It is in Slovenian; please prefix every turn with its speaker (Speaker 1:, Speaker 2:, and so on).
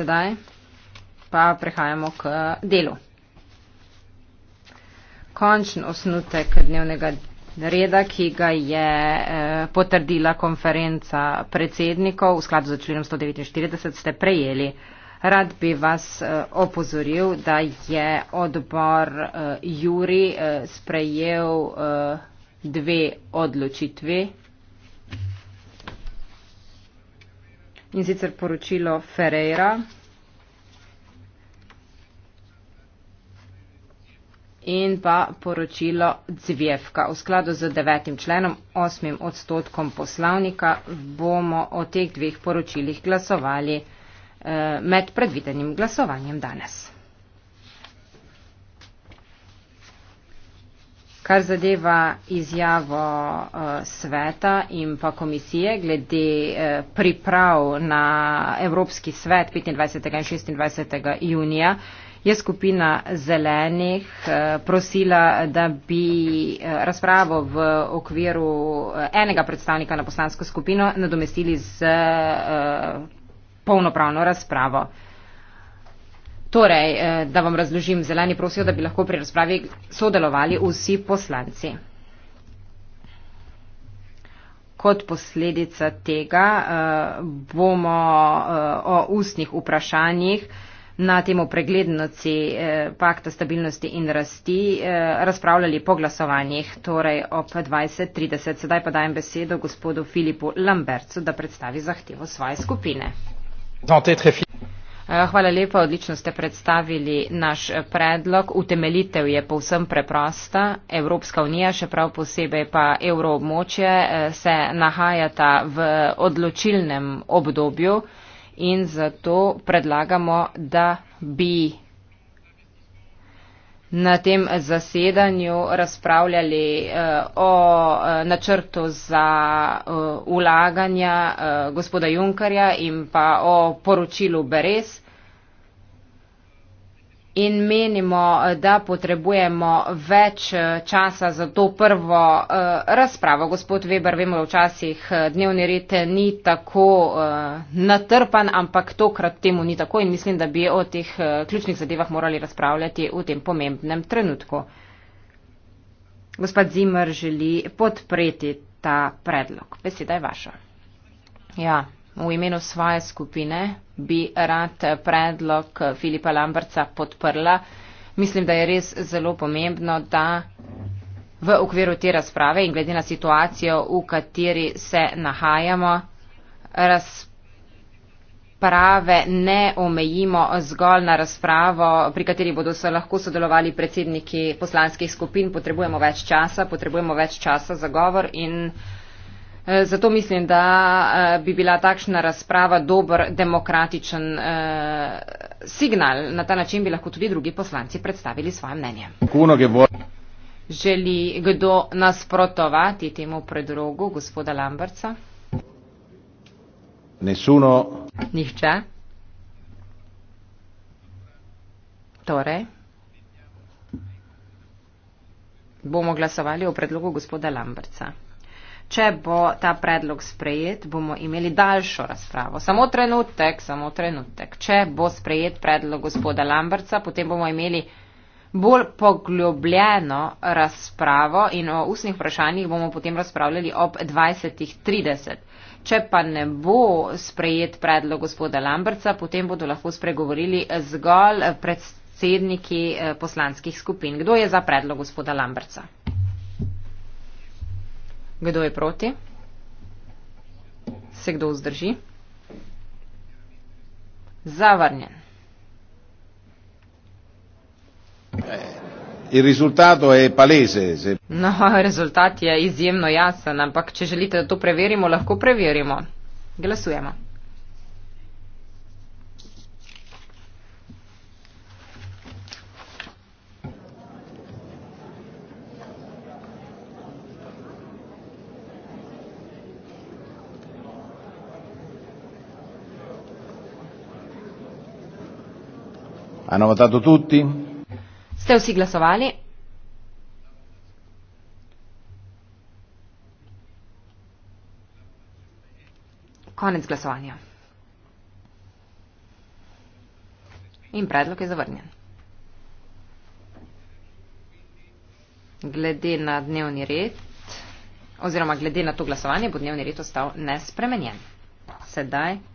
Speaker 1: sedaj pa prehajamo k delu. Končen osnutek dnevnega reda, ki ga je eh, potrdila konferenca predsednikov v skladu z členom 149, ste prejeli. Rad bi vas eh, opozoril, da je odbor eh, Juri eh, sprejel eh, dve odločitvi in sicer poročilo Ferreira in pa poročilo Zvjevka. V skladu z devetim členom, osmim odstotkom poslavnika bomo o teh dveh poročilih glasovali eh, med predvidenim glasovanjem danes. Kar zadeva izjavo eh, sveta in pa komisije glede eh, priprav na Evropski svet 25. in 26. junija, je skupina zelenih eh, prosila, da bi razpravo v okviru enega predstavnika na poslansko skupino nadomestili z polnopravno razpravo. Torej, eh, da vam razložim, zeleni prosijo, da bi lahko pri razpravi sodelovali vsi poslanci. Kot posledica tega eh, bomo eh, o ustnih vprašanjih na temo preglednosti pakta stabilnosti in rasti razpravljali po glasovanjih, torej ob 20.30. Sedaj pa dajem besedo gospodu Filipu Lambercu, da predstavi zahtevo svoje skupine. No, Eh, hvala lepa, odlično ste predstavili naš eh, predlog. Utemelitev je povsem preprosta. Evropska unija, še prav posebej pa evroobmočje, eh, se nahajata v odločilnem obdobju in zato predlagamo, da bi na tem zasedanju razpravljali eh, o eh, načrtu za eh, ulaganja gospoda Junkarja in pa o poročilu Beres in menimo, eh, da potrebujemo več eh, časa za to prvo eh, razpravo. Gospod Weber, vemo, da včasih dnevni red ni tako natrpan, ampak tokrat temu ni tako in mislim, da bi o teh ključnih zadevah morali razpravljati v tem pomembnem trenutku. Gospod Zimr želi podpreti ta predlog. Beseda je vaša. Ja v imenu svoje skupine bi rad predlog Filipa Lambrca podprla. Mislim, da je res zelo pomembno, da v okviru te razprave in glede na situacijo, v kateri se nahajamo, razprave ne omejimo zgolj na razpravo, pri kateri bodo se lahko sodelovali predsedniki poslanskih skupin. Potrebujemo več časa, potrebujemo več časa za govor in. Eh, zato mislim, da eh, bi bila takšna razprava dober demokratičen eh, signal. Na ta način bi lahko tudi drugi poslanci predstavili svoje mnenje. Želi kdo nasprotovati temu predrogu gospoda Lamberca? Nesuno. Nihče. Torej. Bomo glasovali o predlogu gospoda Lamberca. Če bo ta predlog sprejet, bomo imeli daljšo razpravo. Samo trenutek, samo trenutek. Če bo sprejet predlog gospoda Lamberca, potem bomo imeli bolj poglobljeno razpravo in o ustnih vprašanjih bomo potem razpravljali ob 20.30. Če pa ne bo sprejet predlog gospoda Lamberca, potem bodo lahko spregovorili zgolj predstavniki eh, poslanskih skupin. Kdo je za predlog gospoda Lamberca? Kdo je proti? Se kdo vzdrži? Zavrnjen. Eh, no, rezultat je izjemno jasen, ampak če želite, da to preverimo, lahko preverimo. Glasujemo. Hanno votato tutti? Ste vsi glasovali? Konec glasovanja. In predlog je zavrnjen. Glede na dnevni red, oziroma glede na to glasovanje, bo dnevni red ostal nespremenjen. Sedaj.